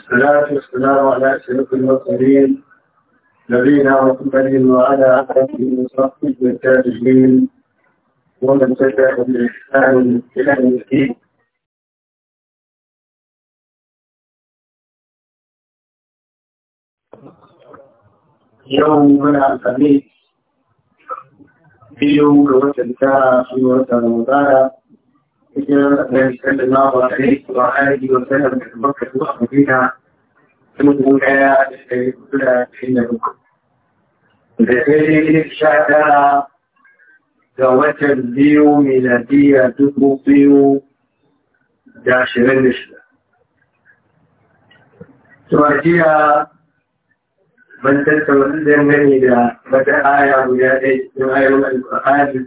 الصلاة والسلام على أشرف المرسلين نبينا محمد وعلى آله وصحبه والتابعين ومن تبعهم بإحسان إلى يوم الدين يوم الخميس في يوم كوتن تارا في وتر مبارك صلى الله عليه وآله وسلم بركة الله فيها تمتون على كل حين لذلك شعر زوجة البيو ميلادية تبو بيو داشرين نشلة سواجية من تلك وزن مني دا بدأ آية وجاء آية القرآن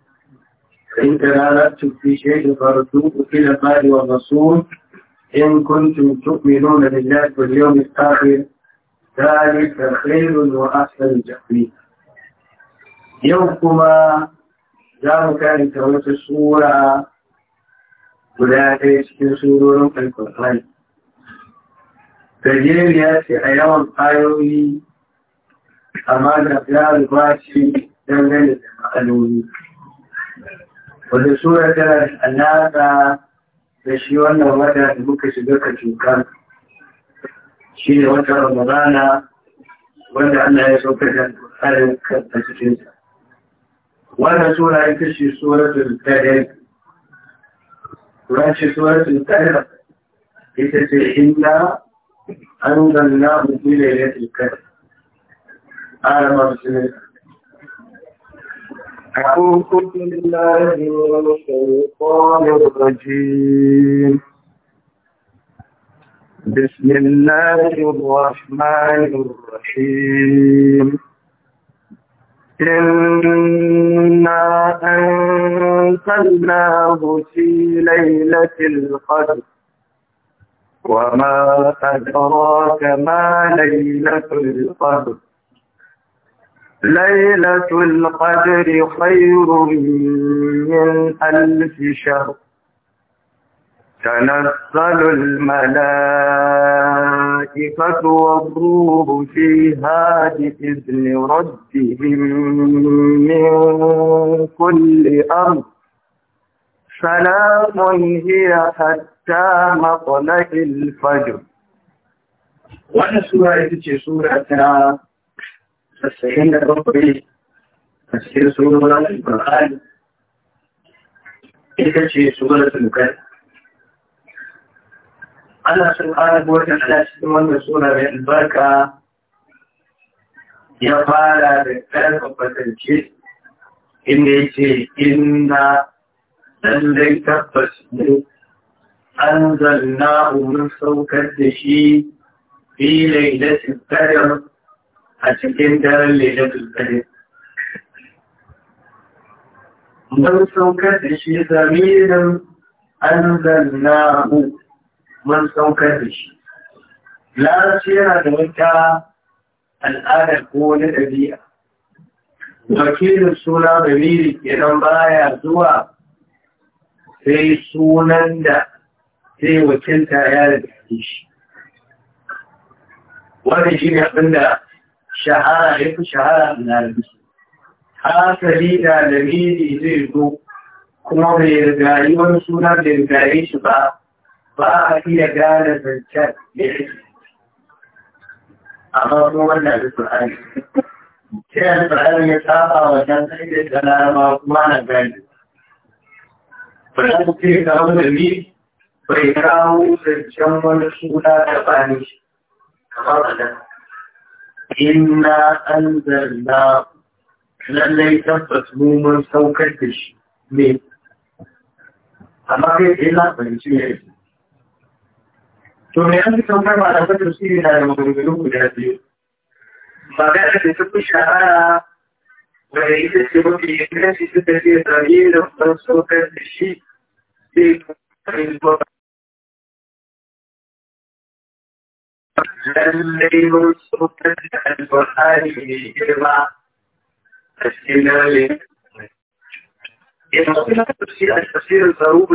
فإن تلالتم في شيء فردوه إلى الله والرسول إن كنتم تؤمنون بالله واليوم الآخر ذلك خير وأحسن تقليد يوكما جاءوا كان تولت الصورة ولا يسكن صورهم في القرآن فجيل ياسي أيام قايوي أما نفلال قاسي لم يلد مقلوني wanda sura tana da alaƙa da shi wannan wata da muka shiga ka cuka shi ne wata ramadana wanda Allah ya sauka da tsarin a cikinsa wannan sura ita ce suratul tahir ranci suratul da ita ce inda an inna anzalnahu fi lailatul qadr ala ma bismillah أعوذ بالله من الشيطان الرجيم بسم الله الرحمن الرحيم إنا أنزلناه في ليلة القدر وما أدراك ما ليلة القدر ليلة القدر خير من ألف شهر تنزل الملائكة والروح فيها بإذن ربهم من كل أمر سلام هي حتى مطلع الفجر وأنا سورة سورة تسعين ربي تسير سورة القرآن تلك شيء سورة المكان Allah subhanahu wa ta'ala cikin wannan sura mai albarka ya fara da ƙarfafa fatance inda ya ce inna lallai tabbas ne an zanna umarin saukar da shi fi lailatul qadr a cikin daren lailatul qadr mun saukar da shi zamirin mu mun saukar da shi larabci yana da wata al'adar ko wani ɗabi'a wakilin suna zamiri idan baya zuwa sai sunan da sai wakilta ya da shi wani shi ne da شعائر شعائرنا المسلم haka da lamiri zai zo kuma bai rigayi wani suna da rigaye shi ba ba a iya gane zancen da ya amma kuma wannan da Qur'ani sai da Qur'ani ya saba wa dan sai da kalama kuma na gani Qur'ani ke da wani bai kawo zancen wani suna da bani kamar Allah inna anzalna lallai tabbas mu mun saukar da shi me amma kai sai na fahimci ne to me an saukar ba da kwatar su na da maganganu guda biyu ba ga da ta fi shahara wadda ita ce mafi shi suka ce zage da saukar da shi sai kuma lallai mun saukar da alƙur'ani a cikin dare.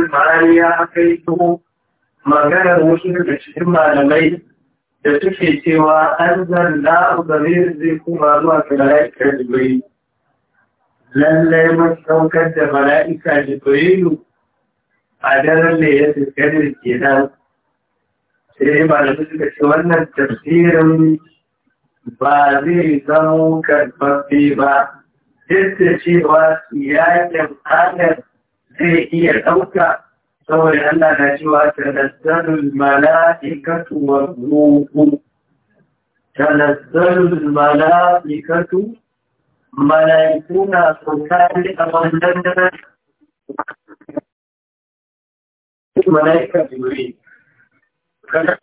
na kai maganar wasu daga cikin malamai da suke cewa an zanna da zai kuma zuwa ga mala'ikar jibril. Lallai mun saukar da mala'ika jibrilu a daren da ya ke kenan sai malamai suka ce wannan tafsirin ba zai zama karfafi ba duk da cewa yakin ayar zai iya ɗauka saboda Allah na cewa tanazzalul mala'ikatu wa ruhu tanazzalul mala'ikatu mala'iku na saukari a wannan mala'ikar jibril suka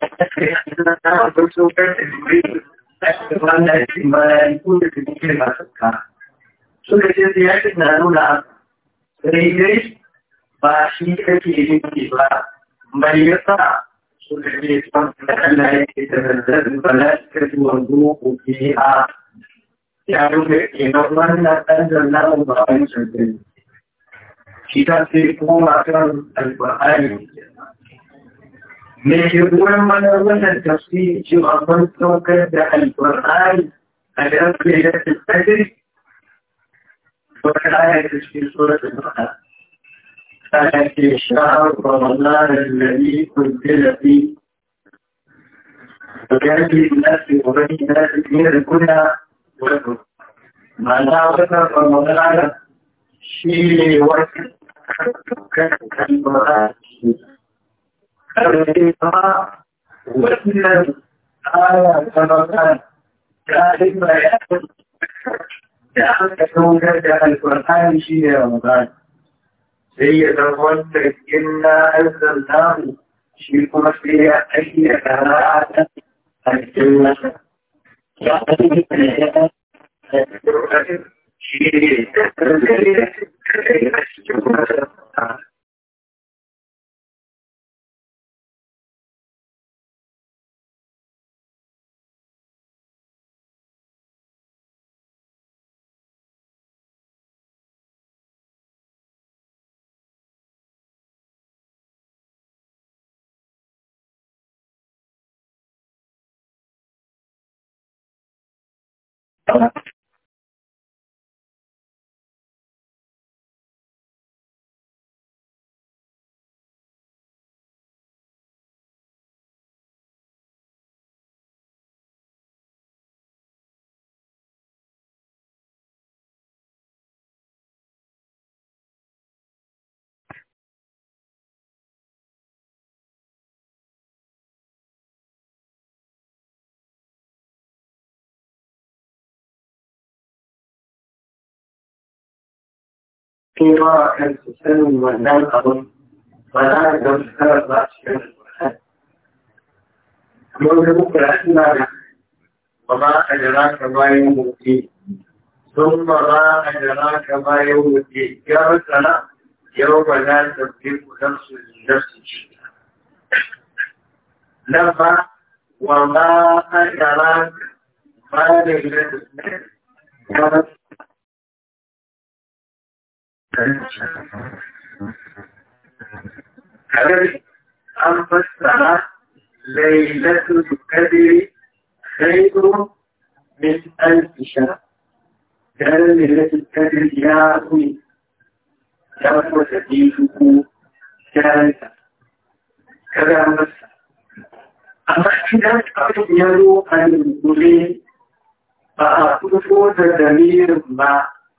ce su yaƙi na nuna daidai ba shi kake yi ba bai yasa suka ce son da Allah ya ke da zazzabin bala suka ji wanzu a ya rufe kenan wannan ɗan zannan ba wani shi ta sai kuma kan alfa'ari kenan mai shekuran mana wannan tafsiri cewa an saukar da alƙur'ani a da ake da tafsir wata aya ta cikin suratul baqara ta ce sha'ar ramadan alladhi kunzila fi ويأتي الناس وبني الناس من الكنى والكنى معناها وكان رمضان شيء وكان كان القرآن karfafa wannan aya ta magana ta yi bayanin shi Sai ya zama wanda inna azzal namu shi kuma sai ya a cikin Ya shi ne da cikin Thank you. فيما كان تسلم وزان قبل وزان قبل ثلاث أشهر منذ رحمنا وما أدراك ما يوم الدين ثم ما أدراك ما يوم الدين يا مثلا يوم لا تملك نفس لنفس شيئا لما وما أدراك ما ليلة النفس أما الساعة ليلة القدر خير من ألف شهر قال ليلة القدر يا أخي يا أخوة دينك كانت كذا مسا أما احتداد قد يرو أن المسلمين فأخذ فوز ضمير ما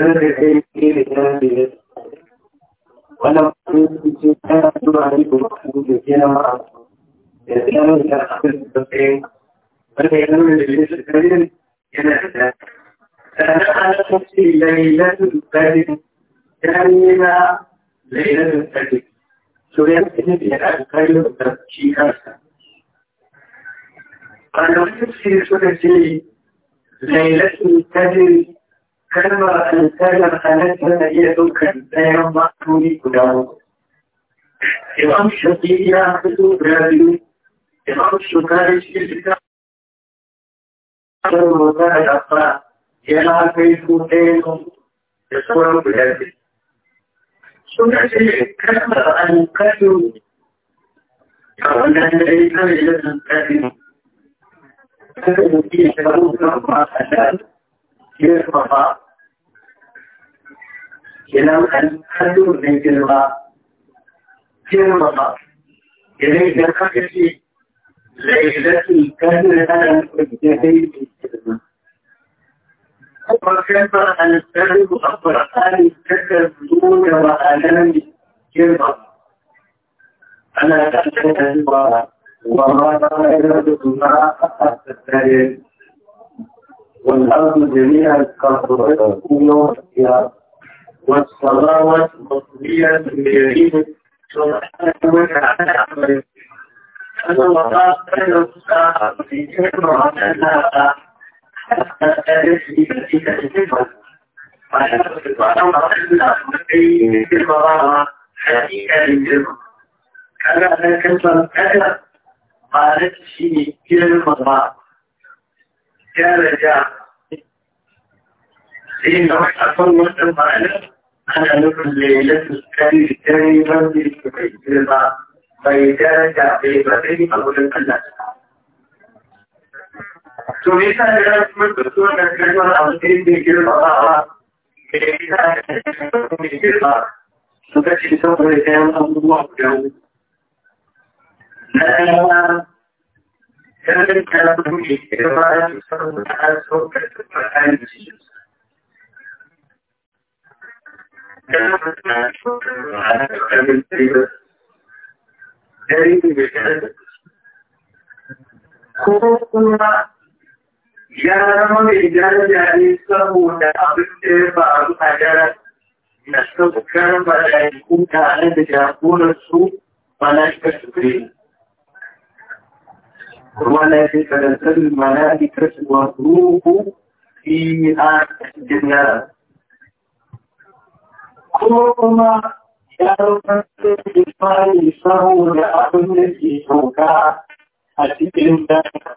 ولم يكن في ليلة القدر كلمة ليلة القدر سيمكن بها الخير تبشيرا ليلة القدر kalma kalmar halal tana iya ɗaukar ɗayan ma'anoni guda Imam Shafi ya fito guda biyu, Imam Shukari shi fita a rota da sa yana kai su ɗayan da sauran guda biyu. Suna ce kalmar a wannan da ya kare da zantarin. Kada mutum ya shafi kan ma'anoni. Yes, Papa. kenan an hannu da girma girma ba idan idan ka ce lailatu kadar ana kudin haiti girma kuma kai ba an tsarku a ƙwarƙani kakar zuwa ma'anar girma ana tattalin da zuwa وما يرد ما أحد والأرض جميعا كفرته يوم القيامة والصلوات مطلية بيمين سبحانه وتعالى عمله أن الله خير الساعة في جمعة لها حتى تأتي التي تجدها ويحفظ أمر الأخرين بالمرارة حقيقة الجمع كما ذكرت كذا قالت في كلمة كان جاء إن وحفظ الله ana nufin lailatul kadir ya mafi girma bai daraja bai bari a wurin Allah. To me yasa da ran mun da so da kalmar alheri da girma ba ba da yasa da girma suka ce saboda kayan abubuwa guda na ɗaya Kanin kalamar mai girma ya fi samun ta'asokar da tsakanin cikinsu. ko kuma ya zama mai daraja saboda abin da ya faru a daren na saukar mala'iku tare da jagorar su mala'ikar su kai ولا تتنزل ruhu, والروح فيها أجنات ko kuma ya rukar da ke fari saboda abin da ke toka a cikin daga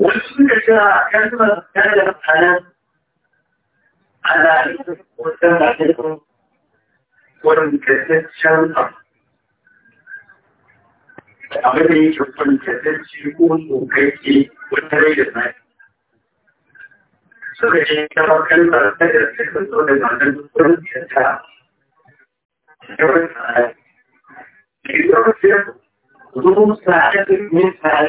wasu da cewa kan zuba tare da mutanen ana wajen da ke kuma wurin tattaccen abin da yake wurin tattacci wata rai da zai suka ce ta bakan da ta da zo da zanen wurin ta. yawan tsara. Ki zo sai zo sa ta min tsara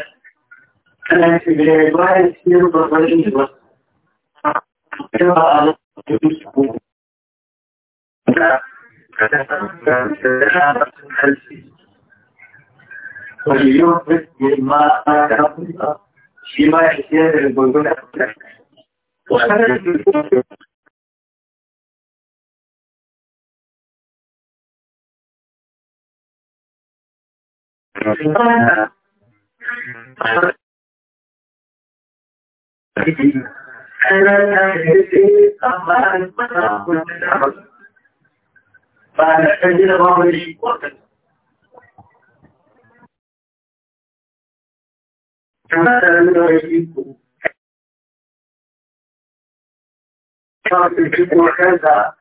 وليوفد بما أعرف فيما يحتاج البلدون Thank you. أنا فأنا أجل رامي وقت كما أنا أجيبكم صارت الجبن كذا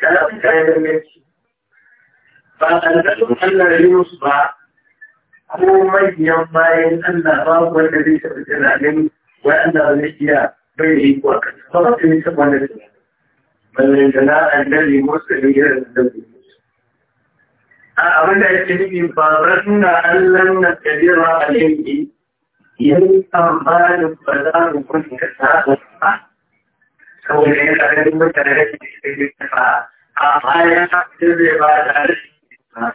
كلام كان يمشي فأنا أجل أن يصبح هو من يمين أن رب الذي تبتل عليه wanda ba zai iya bai da a kansa ba su ne saboda da su ballantana a dalli musu da gidan da dalli a abin da yake nufi ba ranna allan na kadira a yanki yin tsammanin ba za mu kun ka sa'a ba saboda yana ganin mutane da ke da a baya sai zai ba da arziki ba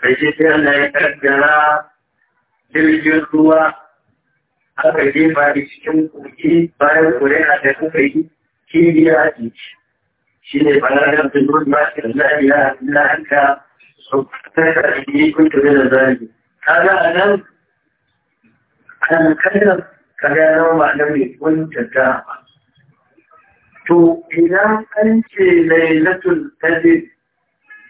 kai sai Allah ya kaddara jirgin ruwa aka jefa da cikin kogi bayan kuri'a da kuka yi kiriya ce shi ne bananar da duk masu zariya na haka su fitar da shi kuka da zari kaga a nan an kallon kaga na ma'anar mai kuntata to idan an ce lailatul qadr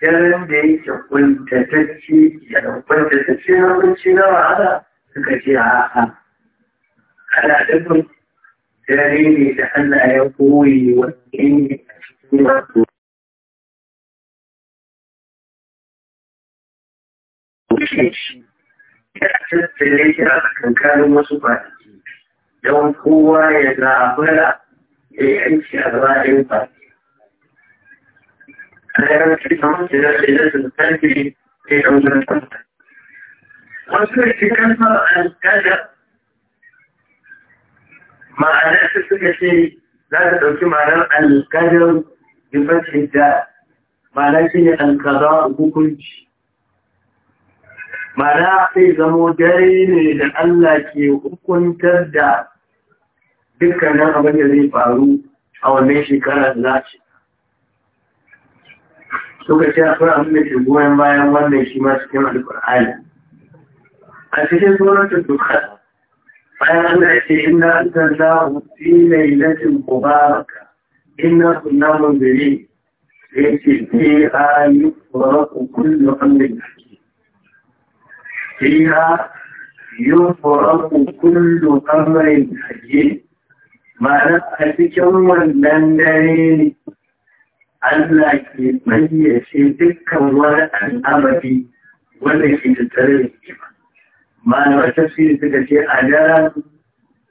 yaran da yake kuntatacce ya kuntatacce na kunci na wahala suka ce a'a على ابن كريم كان يقوي وإني وشيش كانت في ليش راح كانوا مصباحي يوم قوة يتعبلا يعيش أدراء إنفاق أنا كنت في كان ma'ana su suka ce za ta ɗauki ma'anar alƙadar bifashin da ma'ana shi ne alƙada hukunci ma'ana sai zamo dare ne da Allah ke hukuntar da dukkanin abin da zai faru a wannan shekarar za ce suka ce akwai abin da ke goyon bayan wannan shi ma cikin alƙur'ani a cikin tsoron dukkan bayan Allah ce inna anzalna fi lailatin mubaraka inna kunna munziri sai ce fi cikin wannan dare ne Allah ke bayyace dukkan wani al'amari wanda ke tattare da malamar tafsiri suka ce a daren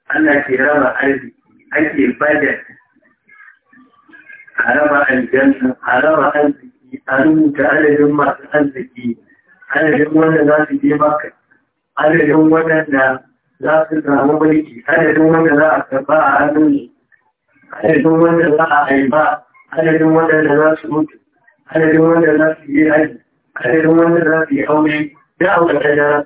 Allah ke raba arziki ake bada a raba aljanna a raba arziki a rubuta adadin masu arziki adadin wanda za su je maka adadin waɗanda za su samu mulki adadin wanda za a karɓa a hannun adadin wanda za a haifa adadin waɗanda za su mutu adadin wanda za su yi haji adadin wanda za su yi aure da aure da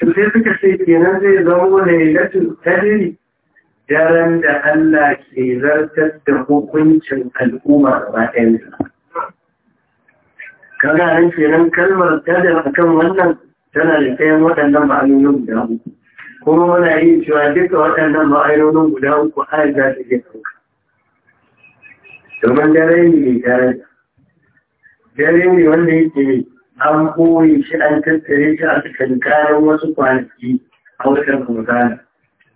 sai suka ce kenan zai zama lailatul qadri daren da Allah ke zartar da hukuncin al'umma gaba ɗayansa kaga nan kenan kalmar qadar akan wannan tana da tsayin waɗannan ma'anonin guda uku kuma muna yin cewa duka waɗannan ma'anonin guda uku a za zafi ke ɗauka domin dare ne mai daraja dare ne wanda yake an ɓoye shi an tattare shi a tsakankanin wasu kwanaki a watan Ramadana.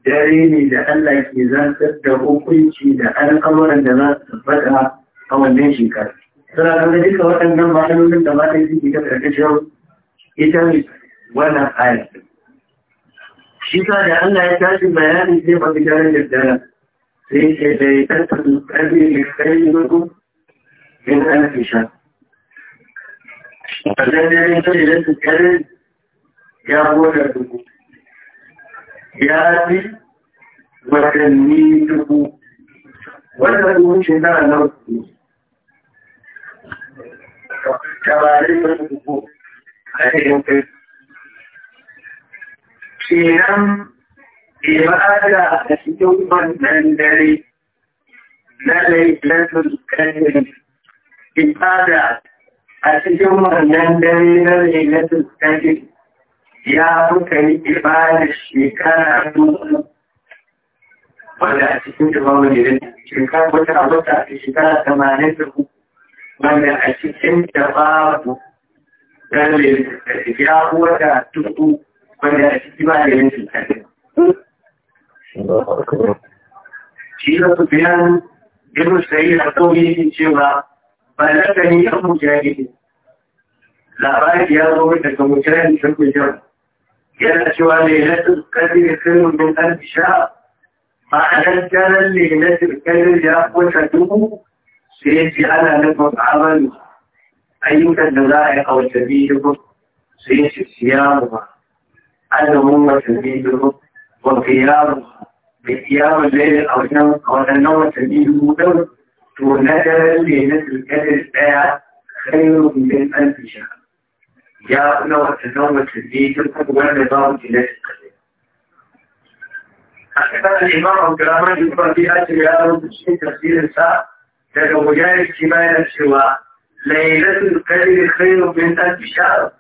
Dare ne da Allah ke zartar da hukunci da al'amuran da za su faɗa a wannan shekara. Suna kan duka waɗannan ma'anonin da mata suke ta ƙarƙashin ita wannan aya. Shi sa da Allah ya tashi bayanin zai ba gidan da dara. Sai ke da ya tattara ƙarfi da ƙarfi da ƙarfi da ƙarfi da ƙarfi Sannan zai da su ya bude dubu. Ya fi watanni dubu. Wannan dubu shekara na dubu. Tabarai da dubu a cikin kai. Kenan ibada a cikin wannan dare na lailatul kadari ibada a cikin wannan dare na lailatul ya muka yi ibada shekara dubu wanda a cikin imamu ne shekara wata a wata a shekara tamanin da wanda a cikin da babu dan lailatul ya wata dubu wanda a cikin ba yin qadr shi da su biyan Ibn Sayyid al-Tawli cewa لا المجاهد يا يروي لك مجاهد في المجر يلا شوى ليلة القدر خير من ألف شهر معنى كان ليلة القدر يا أخوة سيجي على نفس عمل أيك أيوة الدلائق أو سبيلكم سيجي صيامها أنا هم سبيلكم وقيامها بقيام الليل أو النوم أو النوم سبيلكم تونك ليلة القدر بيع خير من ألف شهر يا أنا وتنوم تزيد القوة نظام ليلة القدر أكثر الإمام الكرام يقول في أجل هذا الشيء تفسير الساعة تزوجان اجتماعي سوى ليلة القدر خير من ألف شهر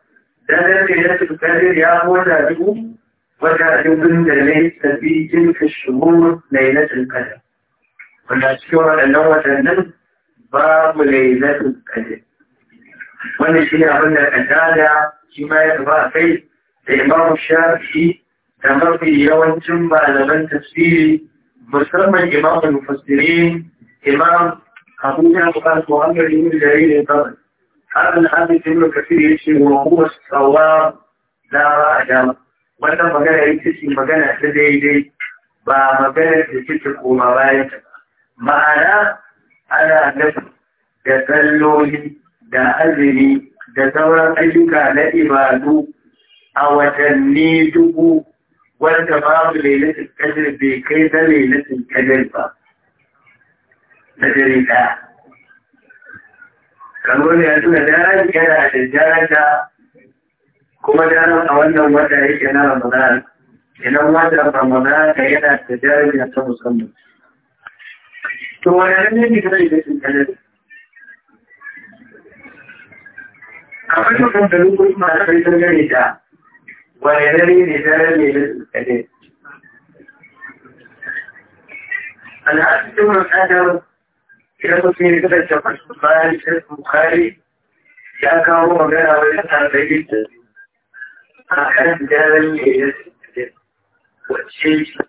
دلت ليلة القدر يا هو نادوم وتعجب دليل تبي تلك الشهور ليلة القدر wanda cikin waɗannan watannin babu lailatul qadr wanda shi ne abin da kadada shi ma ya gaba a kai da imam Shafi da mafi yawancin malaman tafsiri musamman imam mufassirin imam abu ya buƙar ko an gari yin jaririn kawai har an haɗe jimlar kafir ya ce wa kuma tsawa dama a dama wannan magana ita ce magana ta daidai ba magana da take koma bayan ta ba ma'ana ana nufi da kalloli da azumi da sauran ayyuka na ibadu a watanni dubu wanda babu lailatul qadr bai kai da lailatul qadr ba na dare ɗaya kamar ya tuna daren yana da daraja kuma daren a wannan wata yake na ramadan idan wata ramadan yana da daraja ta musamman to wannan ne ke zai da shi kare a kan kan da lokacin ma da kai gare ta wannan ne da da ne da kare ana cikin wannan idan mutum ya kada ta fasu bayan shi bukari ya kawo magana wani tarihi a kan da ne da kare wacce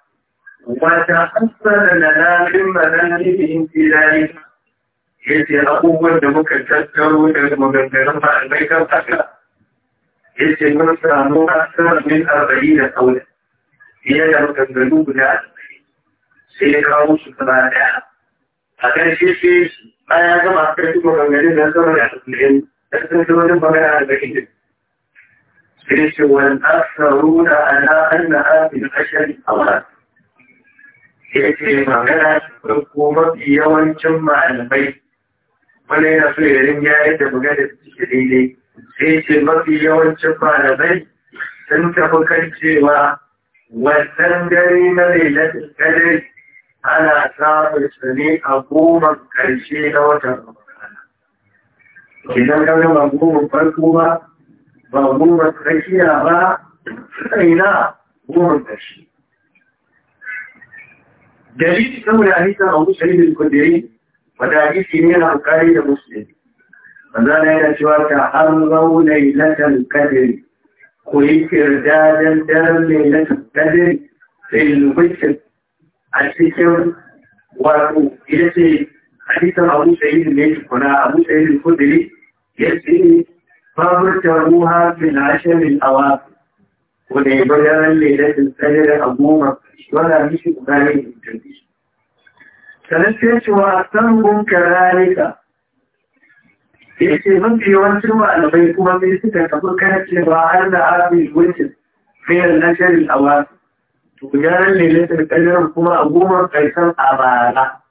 وتحسن لنا من مناهجهم في ذلك yace abubuwan da muka tattaro da maganganun ba a mai kan haka yace mun samu asar min arba'in da kaula fiye da maganganu guda sai ya kawo su gaba a kan sai baya gama kan su maganganun da sama da ce wani na a ya ce magana da ko mafi yawancin malamai wani yana so ya rinja yadda magana su ke daidai sai ce mafi yawancin malamai sun tafi karcewa. cewa wannan dare na lailatul qadr ana samun su ne a goma karshe na watan Ramadana idan ka gama goma farko ba ba goma tsakiya ba ina goma karshe dalili saboda hadisin Abu Sa'id al-Khudri wanda hadisi ne na Bukhari da Muslim manzo ne ya cewa ta An harrau lailatul qadr ku yi kirdadan daren lailatul qadr fil witr a cikin wato ita ce hadisin Abu Sa'id ne kuna Abu Sa'id al-Khudri yace fa murtaruha fil ashr al-awaqi wanda ya bayan lailatul qadr a goma da jirgi ce wa ya malamai kuma mai suka tafi kan cewa har da na shirin a wasu to gyaran lailatul qadr kuma a goma karshen a bara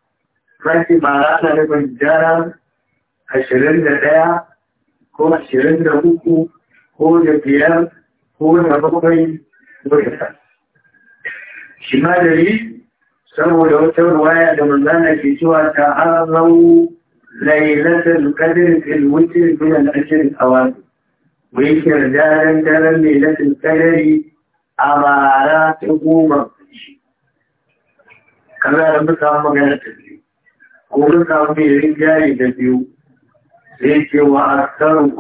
sai bara ta nufin gyara ashirin da ɗaya ko ashirin da uku ko da biyar kowane abubuwai zuwa ya sa shi da yi saboda wata waya da manzana ke cewa ta arzau lailata lukadin ilmuci zuwa na ajin awadu wai ke daren daren lailatin kadari a bara ta goma kaza da muka magana ta biyu ko muka mai rin da biyu sai ke wa a tsarin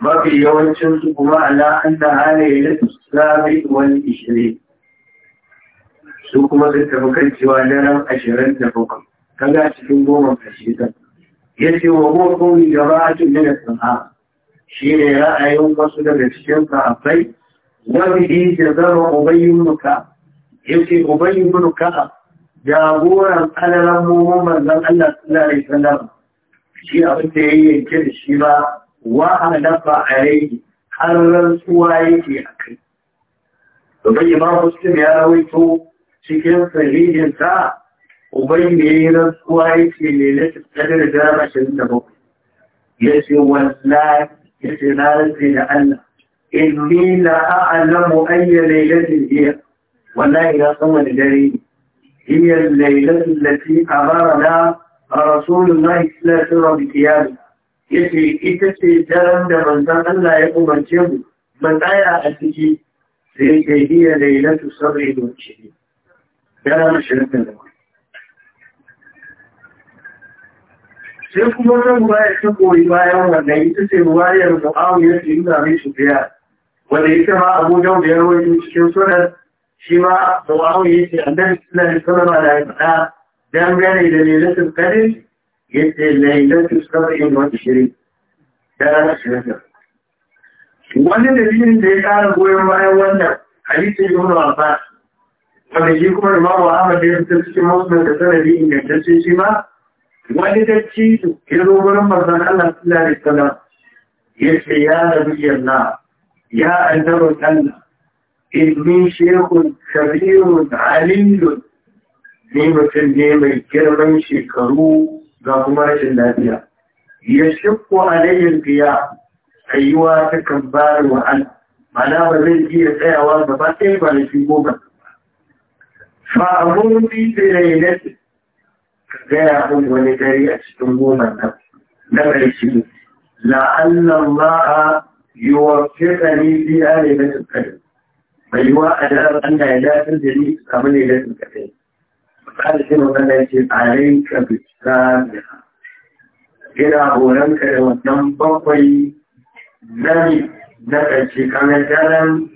mafi yawancin su kuma ala anna halaye na sabi wani ishirin su kuma sun tafi kan cewa daren ashirin da bakwai kaga cikin goma ƙarshe ta ya ce wa huwa kawai jama'atun min as-sahaba shi ne ra'ayin wasu daga cikin sahabbai wani yi da zama ubayyun muka? ya ce ubayyun nuka jagoran alalan mu manzon Allah sallallahu alaihi wasallam shi abin da ya yi yanke da shi ba wa a alaihi har rantsuwa yake a kai domin imam muslim ya rawaito cikin sahihinsa ubai da ya yi rantsuwa yake ne na da rashin da bakwai ya ce wallahi ya ce na rantsi da Allah inni la a'lamu ayya lailatin hiya wallahi na san da dare ne hiya lailatul lati amarna rasulullahi sallallahu alaihi wasallam bi yake ita ce daren da manzan Allah ya umarce mu mu tsaya a ciki sai yake yi lailatu sabri da shi daren shirkin da sai kuma zan ya ta koyi bayan wannan ita ce ruwayar mu'awiyar da ina mai su biya wanda ita ma abu da ya rawaito cikin sunan shi ma ya ce annabi sallallahu sunan wasallam da ya faɗa dangane da lailatul qadr yadda lailatul sab'in wa shirin da shirin wani dalilin da ya ƙara goyon bayan wannan hadisi ibn Abbas wanda shi kuma Imam Ahmad ya fitar cikin Muslim da sanadi ingantacce shi ma wani dacci ya zo wurin mazan Allah sallallahu alaihi wasallam ya ce ya rabbi Allah ya annabi Allah inni shaykhun kabirun alimun ni mutum ne mai girman shekaru ga kuma rashin lafiya ya shakku alayhi qiya ayyuwa ta kan bari wa an mana ba zai iya tsayawa ba ɗaya ba da shi goma fa amun bi bilailati ka gaya mun wani dare a cikin goma nan na ƙarshe la'anna allaha yuwaffiqani fi alaylatil qadr bai wa an da ya dafin da ni kamar ne da kai kada shi magana yake alaika bi sabiha ina horonka da wannan bakwai nari na ƙarshe kamar daren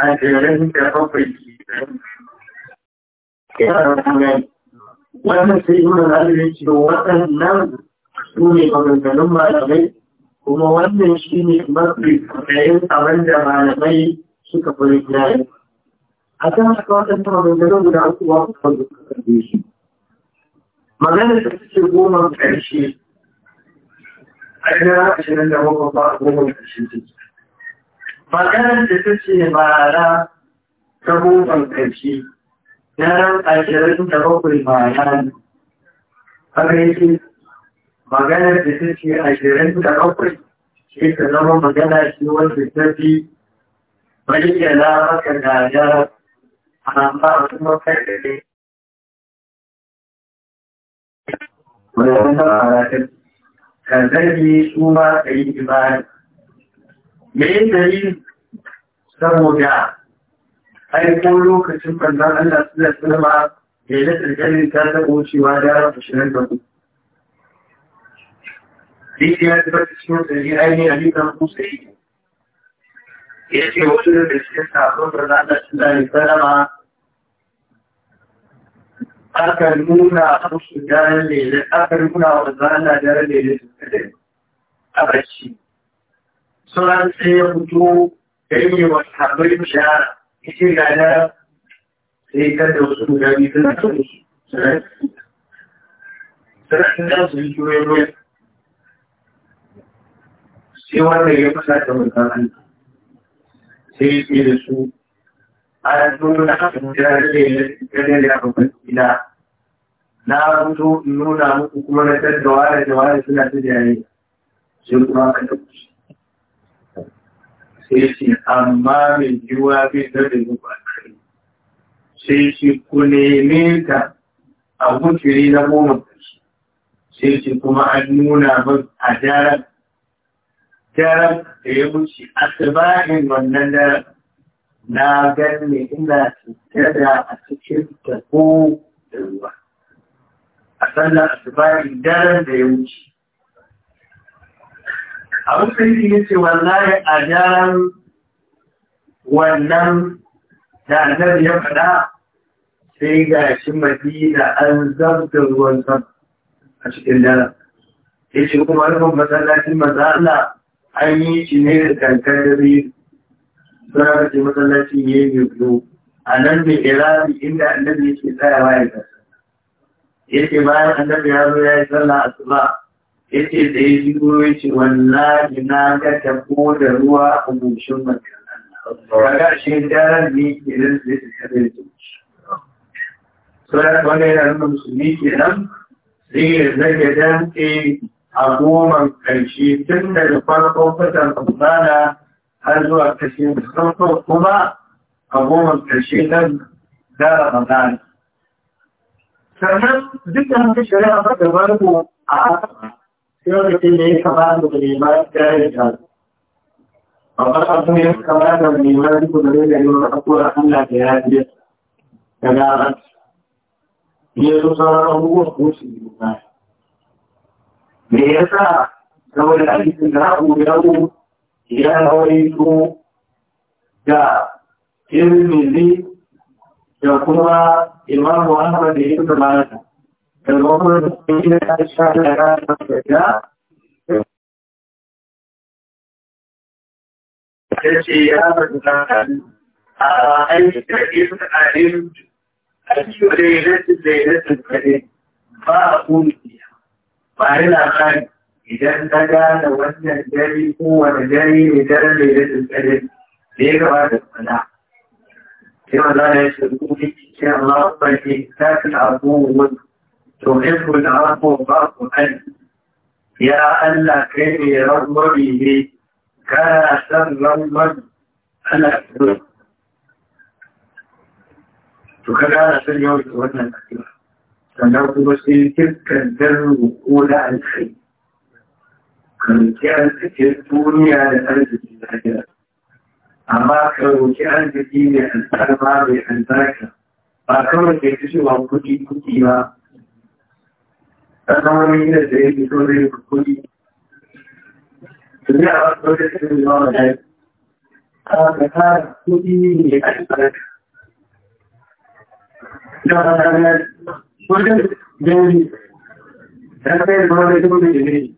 a jerin da bakwai ke ɗan wannan sai yi mana halin waɗannan su ne maganganun malamai kuma wannan shi ne mafi kwayayin abin da malamai suka fi rinjaye a kan haka waɗannan guda Maganar da suke goma ƙarshe, a na ashirin da bakwai ba a goma ƙarshe ce. Maganar da suke bara ta goma ƙarshe, na ran ashirin da bakwai ba ya ne. Haka yake maganar da suke ashirin da bakwai sai ta zama magana shi wanda ta fi bayyana ka gagara ka zage su ma ka yi ibada. Me dalil saboda aiko lokacin banzan Allah sula sulma da ya tsirgarin ta taɓo cewa dara ashirin da ku. ya ci ta cikin tsirgi aini a likan kusa yi. Ya ce wasu da cikin sabon banzan cikin sula sulma aka nuna musu daren lele aka nuna wa zana daren lele a bacci sauran sai ya fito da yi wa sabbin shahara ita ga da sai wasu su su yi sai wanda ya fasa da mutane sai ya fi da su na fito in nuna muku kuma na tattawa da jawara suna ta jare sai kuma ka dauki sai shi amma mai yiwuwa bai da da muku alkhairi sai shi ku neme ta a hukiri na goma ƙarshe sai shi kuma an nuna min a jarar. Jarar da ya wuce asibahin wannan jarar. na ganni ina tattada a cikin tabo da ruwa a sallar asibari daren da ya wuce a musulunci ya ce wallahi a daren wannan da annabi ya faɗa sai ga shi madina an zarta ruwan sam a cikin daren ya ce kuma rufin masallacin maza Allah an yi shi ne da kankan da biyu sai aka ce masallaci ya yi biyu a nan da irabi inda annabi yake tsayawa ya kasa yake bayan annabi ya zo ya yi sallah asuba yake da ya ji ruwa ya ce wallahi na ga tabo da ruwa a goshin mutum kaga shi daren ne ke nan da ya kada ya zuci sauran wanda yana nuna musulmi ke nan zai rage dantse a goma ƙarshe tun daga farkon fatan ramadana har zuwa kashi da farko kuma abubuwan kashi nan da ramadan sannan dukkan da shari'a ba da barko a aka sai wani ke ne kama da neman gare da amma abu ne kama da neman duk da ne da neman akwai Allah da ya biya da na ne su sauran abubuwan ko su yi ba me yasa saboda aikin da haɗu da haɗu ya rawaito da Tirmidhi da kuma Imam Ahmad da Ibn Majah da kuma Aisha da da ya a a cikin da ya ba a kuni. ba a yi labari idan ta gane wannan dare kowane dare ne daren da ya tsakare da ya gaba da tsada. Sai maza da ya ce rubuci ce Allah ba ke tafi abubuwan to in ku da abubuwan ba ku kan. Ya Allah kai ne ramari ne kana san ramar ana tsoro. To ka gane san yau da wannan kasuwa. Sannan kuma sai kirkan darru ko da alkhairi. 很艰苦，就是多年三十几来着，他妈很艰苦，一年三个妈的很艰苦，把他们解决是往不低不低嘛，但他们现在谁你说的不低，只要说的是往的，他们还不低，你看看，你看，我这个年纪，现在他们这么的年纪。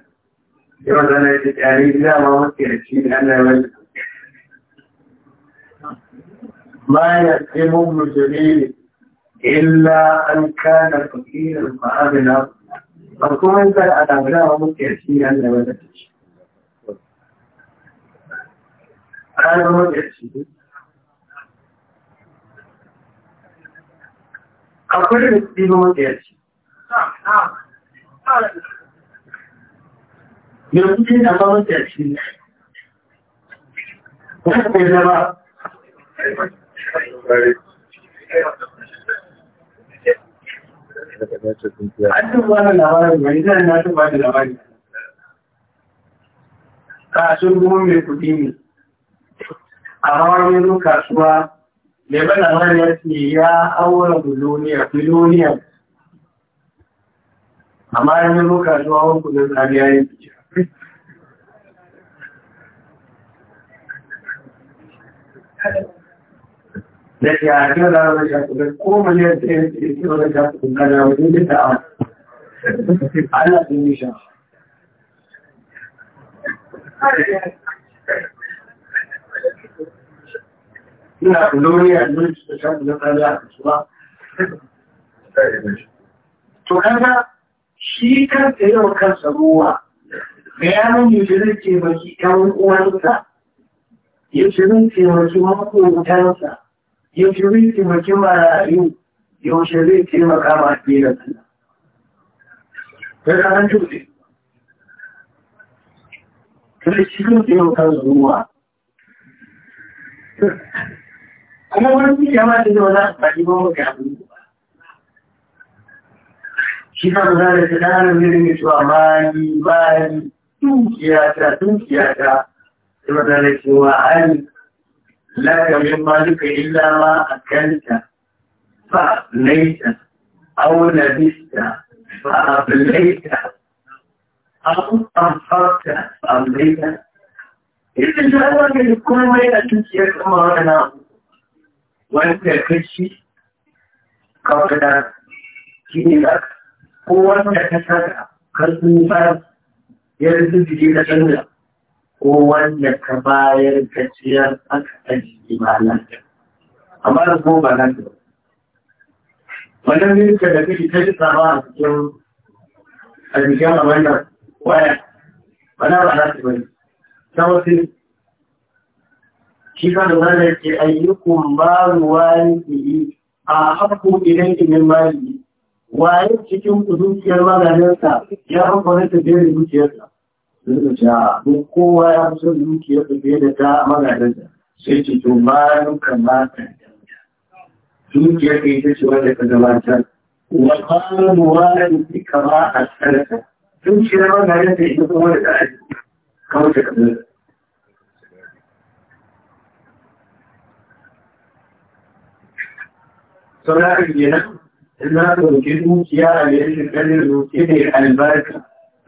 يقول أنا يعني لا ما ممكن شيء أنا ما يسلم ابن جليل إلا أن كان فقيرا فأغنى فكون أنت الأدب لا ممكن شيء أنا ولد أنا مكر في أقول لك دي ممكن شيء نعم، نعم. yanzu ne na mamar da shi wata kai zama an tuba da labarin mai zan na tuba da labari. kasuwar kuma mai kudi ne a rawar yanzu kasuwa mai ba labarin ya ce ya aura biloniya biloniya amma yanzu kasuwa wani kudin tsariya ya fi da ke a da wani shafi ko miliyan ta yi ke shafi wajen da da na tsari a to kaga shi tsaye wa kansa ruwa bayanin yadda zai ce baki ɗan uwansa yaushe zan taimaki makotansa yaushe zai taimaki marayu yaushe zai taimaka ma fiye da ranar dutse kada cikin taimakon zuwa kuma wani kama da yau za a faɗi ba maka abin shi ta maza da ta ɗanar zirin cewa bayi bayi dukiya ta dukiya ta ثم ذلك هو أن لا يهم لك إلا ما أكلت فأبليت أو لبست فأبليت أو طهرت فأبليت إذا جاء الرجل يكون ميلا تنسي أمرنا وأنت تكشي قبل جيلك قوة تكسر قلب النفاق يرد بجيلك النفاق ko wanda ka bayar gajiyar aka ajiye malam amma da kuma ba nan da wannan minista da kake ta ji sama a cikin a cikin wannan waya wannan ba na su bane ta wasu shi ka da wannan ke ayyukun maruwa ne a haku idan kimin mali waye cikin zuciyar maganinsa ya hankali ta jere zuciyarsa sun a duk kowa ya fi son dukiyar da fiye da ta magadarsa sai ce to ma nuka ma ka dukiyar ka ta ce wanda ka gabatar wa qalu wa nuka kama a sarka dukiyar magadarsa ita kuma da ta aji. kawai ta kaza sauraron kenan ina ɗauki dukiya a yankin ɗanin roƙe ne albarka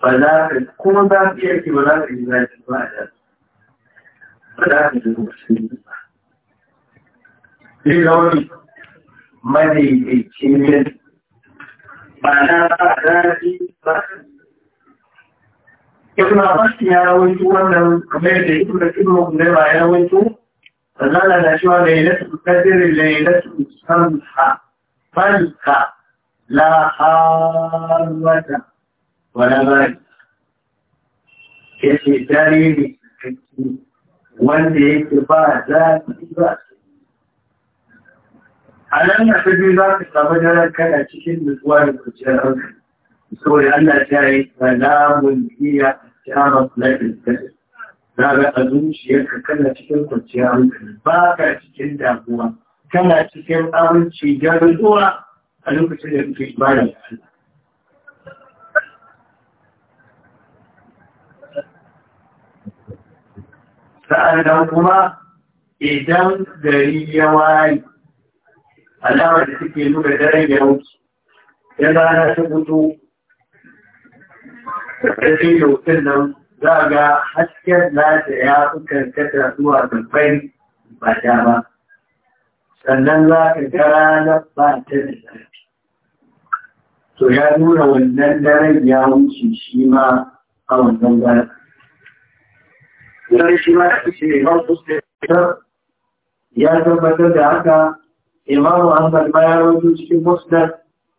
ba za ka kuma za ka iya ce ba za ka yi zafi ba a da ba za ka yi zafi ba. Zai rauni madaidaicin yin ba na ba zafi ba. Ibn Abbas ya rawaito wannan kamar yadda Ibn Ibn Mubarak ya rawaito sannan na cewa lailatul qadr lailatul samha fanka la hawata wala ba yake dare ne kakki wanda yake ba zafi ba a nan na ta biyu za ka samu daren kana cikin nutsuwa da kwanciyar hankali saboda Allah ta yi salamun iya ta mafi za ga a zuciyarka kana cikin kwanciyar hankali ba ka cikin damuwa kana cikin aminci da nutsuwa a lokacin da kake ibada da Allah sa’adar kuma idan gari ya waye alamar da suke nuna daren ya wuce ya zana ta mutu da sai nan za a ga hasken lati ya fi kata zuwa gabbai ba ta ba sannan za ka gara na ba ta da zafi to ya nuna wannan daren ya wuce shi ma a wannan zafi yanzu shi ma ya ce imam muslim ya tabbatar da haka imam ahmad ma ya rawaito cikin musnad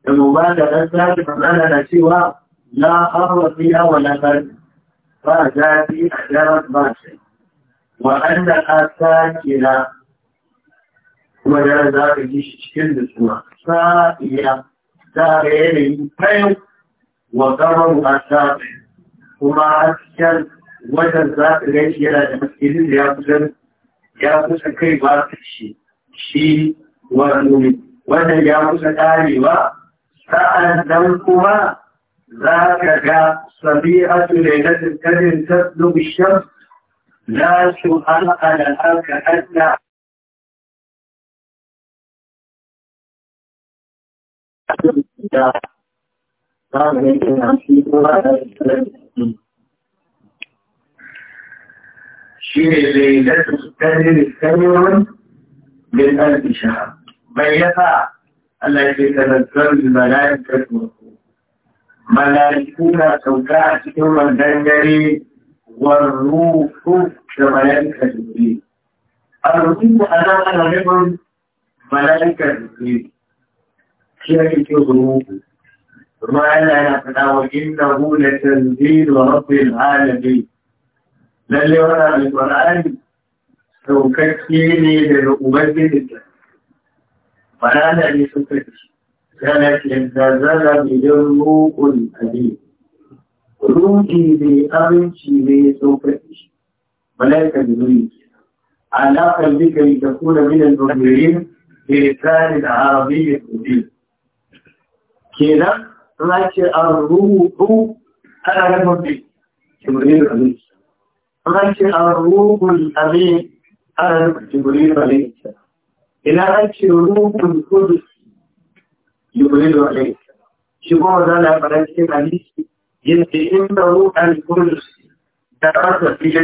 da mubadaran zaɓi magana na cewa la hawa fiya wa la ba zafi a daren ba shi wa'anda a sakira kuma daren za ka ji shi cikin nutsuwa sa'iya za ka yanayi kayan wa karon a sa'i kuma hasken wajen za ka gan shi yana da matsalin da ya kusan ya kusa kai ba shi shi wani wannan ya kusa karewa sa'an nan kuma za ka ga sabi'atu lailatul qadr tatlu bishams la su'ala ala haka anna da ba ne da shi ko ba da شيء اللي لا تستهل كثيرا من ألف شهر بل يقع التي تنزل الملائكة والروح ملائكة سوداء يوم الدنجري والروح كملائكة جبريل الروح أنا أنا منهم ملائكة جبريل هي الروح ثم أنا أنا فدا وإنه لتنزيل رب العالمين lalle wannan alƙur'ani saukakke ne daga ubangiji Banana ne suka ci yana ce da zara mai yin roƙon abin roƙi mai aminci ne sauka ci malaika da zuri alaƙar zikari da kuna minan zuririn da ya tsari da arabiyyar zuri kenan za ce an ruhu ana rafin zuri abinci ranci a ruhun amin a jibril alayhi ina ranci ruhun kudus jibril alayhi shi kuma za a fara inda ruhun da rasa fiye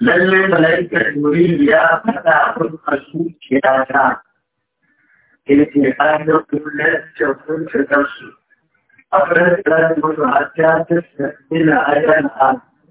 lalle malaikar ya faɗa a zuciya ta ilmi ayar kullar cikin da su a fara mutu a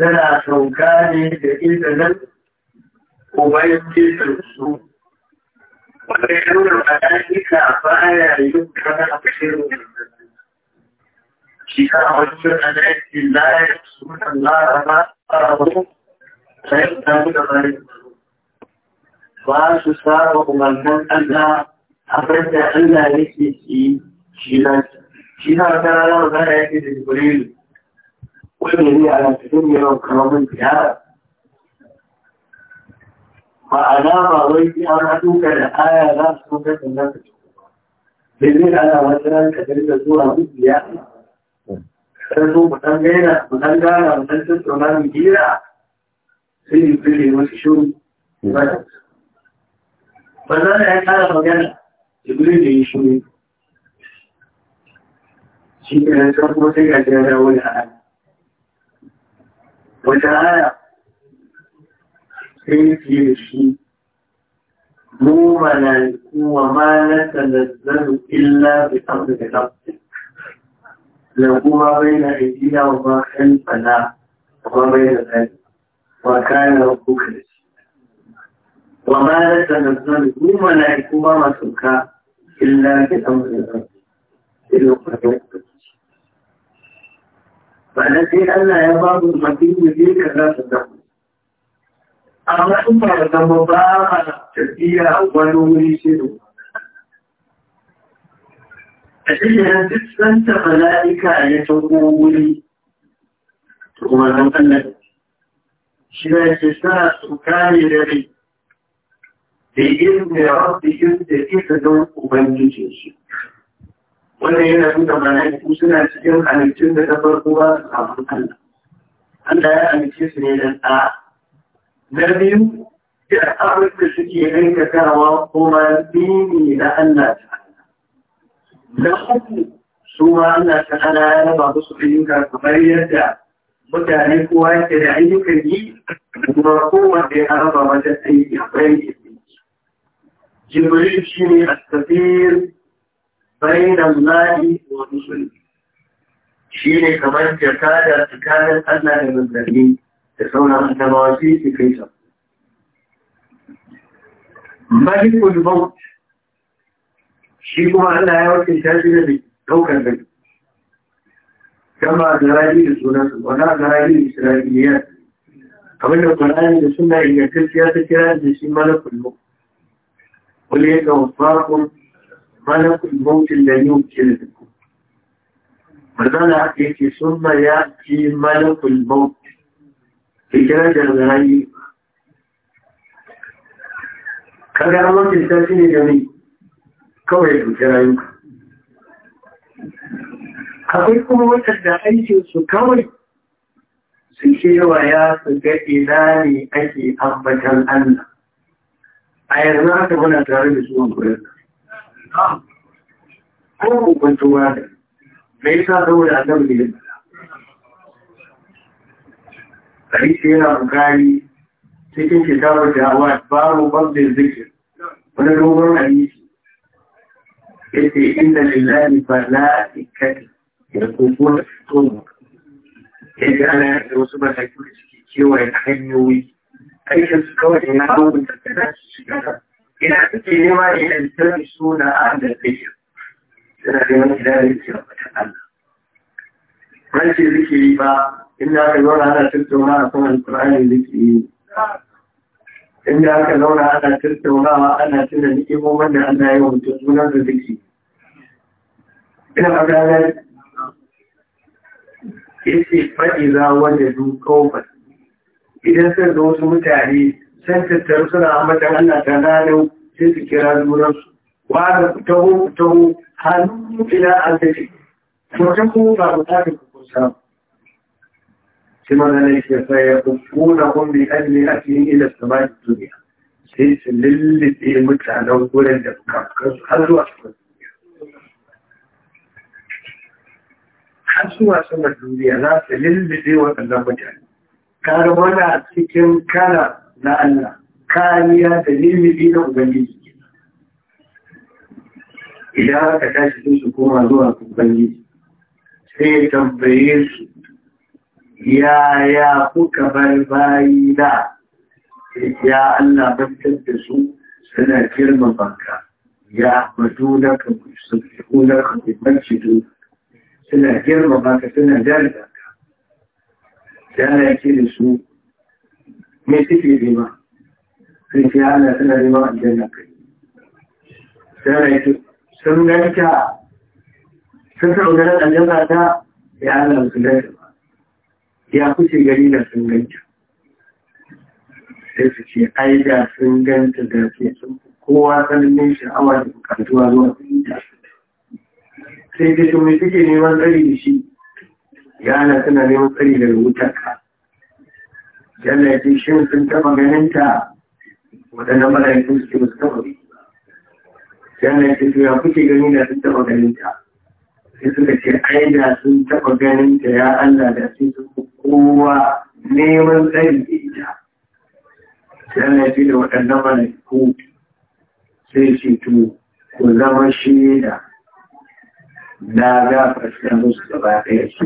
ان هناك سنة كاني بإذن وبيت الرسول وكانوا الملائكة فأنا يمكن أبشر شكا رجل أنا إلا يحسون النار ما أرضه فيبتون غريب فأسو سابق من من أنا أبدا أنا لكي في شلات شلات أنا لغاية الجبريل والذي على تدمير وكرم بها فأنا رضيت أن أتوك الآية لا تكون لك بالذي على مثلا كثيرة سورة مثلها فنسو متنجينا متنجانا متنجس وما مجيرا في الفيلي والشون فنسان أنا مجانا جبريل يشوني شيء أنا سوف أتكلم ولا أنا wata aya sai da shi mu ta wa ma na tanazzalu illa bi amrika rabbik la kuma baina aidina wa ma khalfana wa baina dhalik wa kana rabbuka wa ma na tanazzalu mu malaiku ba masuka illa bi da rabbik illa bi amrika sannan sai Allah ya ba mu mafi ne ka za su zama. Amma in ba da zama ba a tafiya wani wuri da ne. A cikin yan duk santa mala'ika ya sauko wuri, to kuma zan Allah shi ne ke sa su kare da rai. Da izini rabbi da izinin Ubangijinsu. wannan yana nuna mala'iku suna cikin halittun da ta farko ba su samu Allah. Allah ya halitte su ne da ɗa. Na biyu, duk abin da suke aikatawa kuma dini na Allah ta Na uku, su ma Allah ta ala ya raba musu ayyuka kamar yadda mutane kowa yake da ayyukan yi, kuma kowanne ya raba wajen aiki akwai aiki. Jibril shi ne a tafiyar bainan lahi wa musulmi shi ne kamar jaka da tsakanin Allah da mazari da sauran antamawa su yi fi sa. Bari shi kuma Allah ya wakil shafi da daukar da gama da rari da sunansu wana da rari da israeliya abin da kwanayin da suna yankin siyasa kira da shi mana kulmau. Kuli ya ga wasu ملك الموت لا يمكن فلا عقيك ثم يأتي ملك الموت فكرة جمعي كذا ما تستطيع جميل كما يفكر أيوك كذلكم وقد أعيش سكوي سكي وياس كإلاني أكي أبكا الأن أيضا كما نتعلم سوى مرحبا ko hukun tura ne mai sa saboda annabi ne hadisi yana bukari cikin kitabar da hawa baro babin zikir wani dogon hadisi yace inna lillahi malaikati yakufuna fi tumu yace ana da wasu malaiku da suke kewaye hanyoyi aikin su kawai na hawan da kana shiga ina suke nema ne da littafi suna a da tsaye suna da wani gida da yake mata Allah wani ce yi ba inda aka zauna ana tattauna a da alƙur'ani yi. inda aka zauna ana tattaunawa ana tuna ni'imomin da Allah ya wuce sunan da zuke. ina magana yace faɗi za wanda du kawfas idan sun da wasu mutane sai su taru suna ambatan Allah ta lalau sai su kira junansu wani ku taho ku taho hannu ila arziki mutum kuma ba ku tafi ku kusa sai mana ne ke sai ku kuna kun bi an ne ake yin ila samani duniya sai su lullube mutanen wurin da kansu har zuwa sama duniya har zuwa sama duniya za su lullube waɗannan mutane kar muna cikin kana na Allah kariya da nemi na ubangiji idan aka tashi sun su koma zuwa ubangiji sai ya tambaye su yaya kuka bar bayi da ya Allah bantar da su suna girma banka ya maduna ka sukunar ka masjidu suna girma banka suna jarga Ya yana yake da su me suke nema sun ce ana suna nema aljanna kai sai ya ce sun ganta sun sa ganin aljanna ta ya ana su ganta ya kuce gari da sun ganta sai su ce ai da sun ganta da ke sun kowa sanin sha'awa da bukatuwa zuwa sun ganta sai da shi mai suke neman tsari da shi ya ana suna neman tsari daga wutar ka jalla ya ce shin sun taɓa ganin ta waɗannan mala'iku suke musu taba taɓa bi jalla ya ce to ya kuke gani da sun taɓa ganin ta sai suka ce ai da sun taɓa ganin ta ya Allah da sun kowa neman tsari da ita jalla ya ce da waɗanda mala'iku sai ce to ku zama shaida na gafarta musu gaba ɗaya su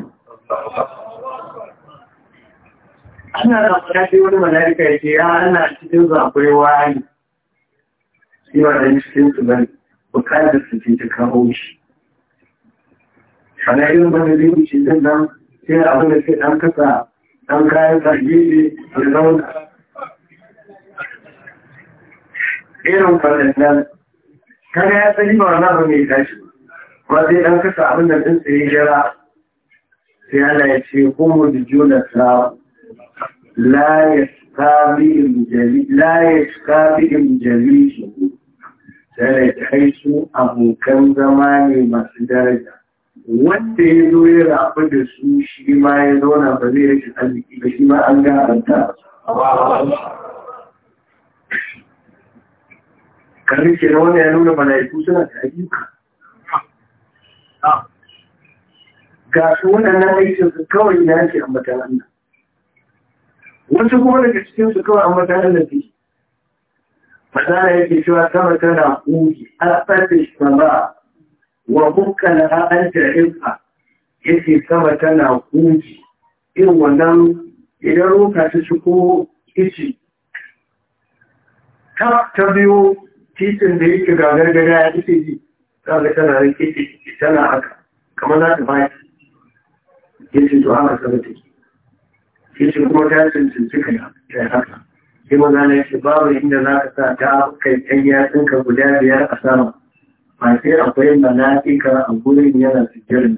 ana da kashi wani malarika ya ce ya ana cikin su akwai wani shi ba da cikin su bane bukatar su cikin kawo shi sanayin bane zai wuce din nan sai abin da sai ɗan kasa ɗan kayan ne da zauna irin fannin nan kare ya sani ba wani abu mai tashi ba sai ɗan kasa abin da ɗin sai jira sai ana ya ce kuma da juna sawa لا يشكى بهم جليس لا يشكى بهم جليسه حيث أبو زماني مسدرجة wanda ya zo ya rabu da su shi ma ya zauna ba zai rashin arziki ba shi ma an ya nuna suna kawai na ke ambatan wasu kuma daga cikin su kawai an da halafi fasara yake cewa sama tana kuki a shi ba, wa mukkana da an ta'inka yake sama tana kuki irin wannan idan roka ta ci ko ici ta ta biyo titin da yake ga gargara ya ita ji kama tana rikici tana haka kamar za ta bayan yake to ana sama take في سبوتا سنسل سكنا كيفاكا كما لانا يشبار إن ما تتعب كي أيات كبدا بيا أسانا ما يصير أطيب مناتي كأبول ينا سجلنا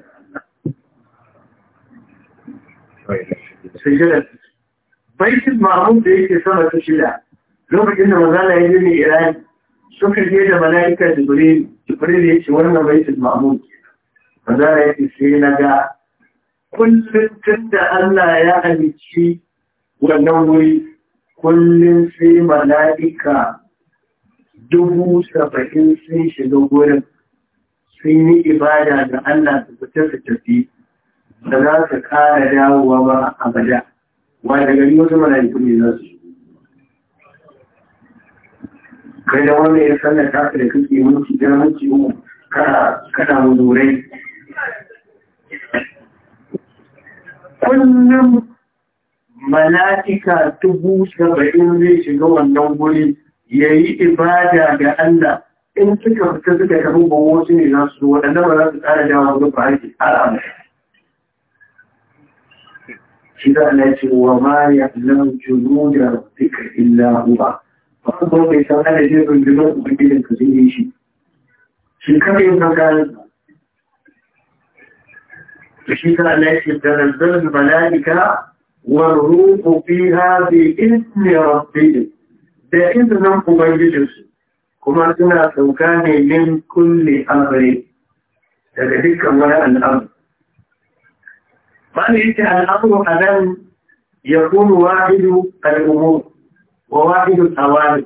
سجلت بيت المعروف بيت سنة سجلة لو بجنا مزالة يجري إيران شكر جيدا ملائكة جبريل جبريل يشورنا بيت المعروف مزالة يجري سينا kullum tunda Allah ya halicci wa wuri kullum sai mala'ika dubu saba'in sun shiga wurin sun yi ibada da Allah su fita su tafi da za su kara dawowa ba a bada wa da gari wasu mala'iku ne za su kai da wanda ya sallar taka da kake mulki da mulki kana mu muzurai kullum mala'ika dubu saba'in zai shiga wannan guri ya yi ibada ga Allah in suka fita suka tafi ba wasu ne za su waɗanda ba za su tsara dawa ga fa'aji al'amma shi za a ce wa ma ya nan junu da duka illa uba ba ba mai san adadin jirgin ubangijin ka zai yi shi shi kare magana فشي قال ليش تنزل الملائكة والروح فيها بإذن دائما بإذن أبنجدس كما سنة سوكان من كل أمر لذلك يعني ولا الأمر قال إنت الأمر أذن يكون واحد الأمور وواحد الأوامر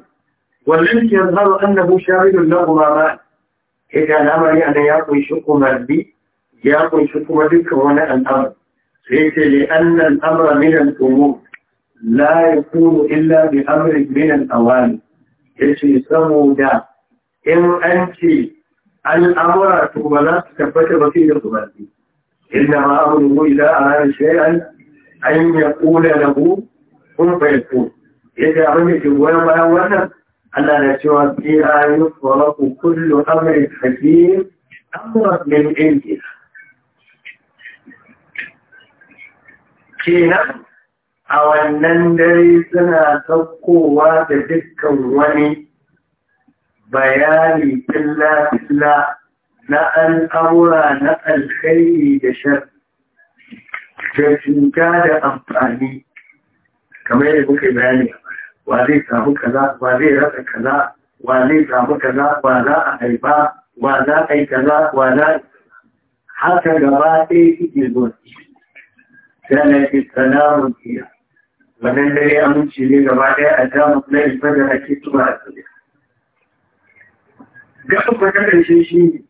والذي يظهر أنه شامل له ما إذا الأمر يعني يقوي شق مربي ya kunshi kuma dukkan wani al’amur sai ce ne annan amra min al-umur la kuru illa bi amrin min al Ya ce saboda in an ce al'amura su ba za su tabbata ba sai da su ba inda ma za a arada shay'an an da ku kun ya ce abin da ke goyon bayan wannan Allah na cewa fi ayyuka kullu amrin hakim amra min indina kenan a wannan dare suna saukowa da dukkan wani bayani tilla-tilla na al'amura na alkhairi da shar da cuta da amfani kamar yadda kuka bayani wa zai samu kaza wa zai rasa kaza wa zai samu kaza wa za a haifa wa za a yi kaza wa za haka gaba ɗaya suke zuwa كان ya فيها ومن gaba ɗaya a وبعدها أدام الليل فجر أكيد shi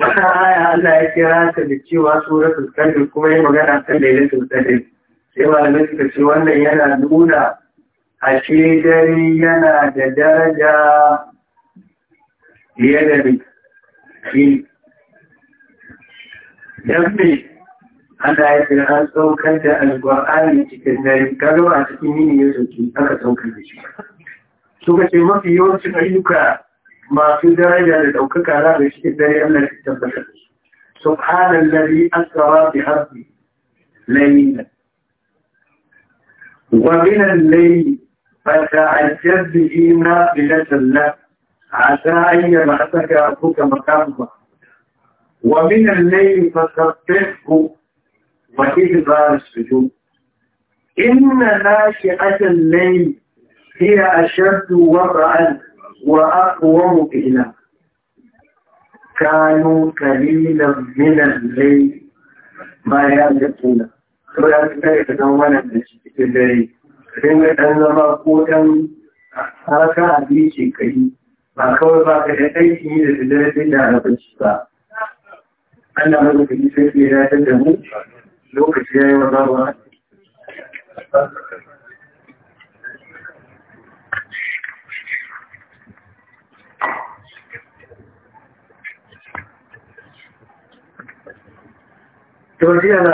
wata aya Allah ya kira ta da cewa suratul kuma ya magana kan sai suka ce wannan yana nuna ashe dare yana da daraja fiye da Allah ya kira an saukar da alƙur'ani cikin dare kaga a cikin yini ya sauki aka saukar da shi suka ce mafi yawancin ayyuka masu daraja da ɗaukaka za da cikin dare Allah ya tabbatar da su subhanan lari asra bi harbi layla wa min al-layl fa ta'ajjab bihi nafilatan lak عسى أن يبعثك ربك مقام ومن الليل فسبحه وإدبار السجود إن ناشئة الليل هي أشد وضعا وأقوم إلى كانوا قليلا من الليل ما يعرفون ولا تتكلمون عن الليل ba kawai ba lokaci ya yi wa zaruwa Thank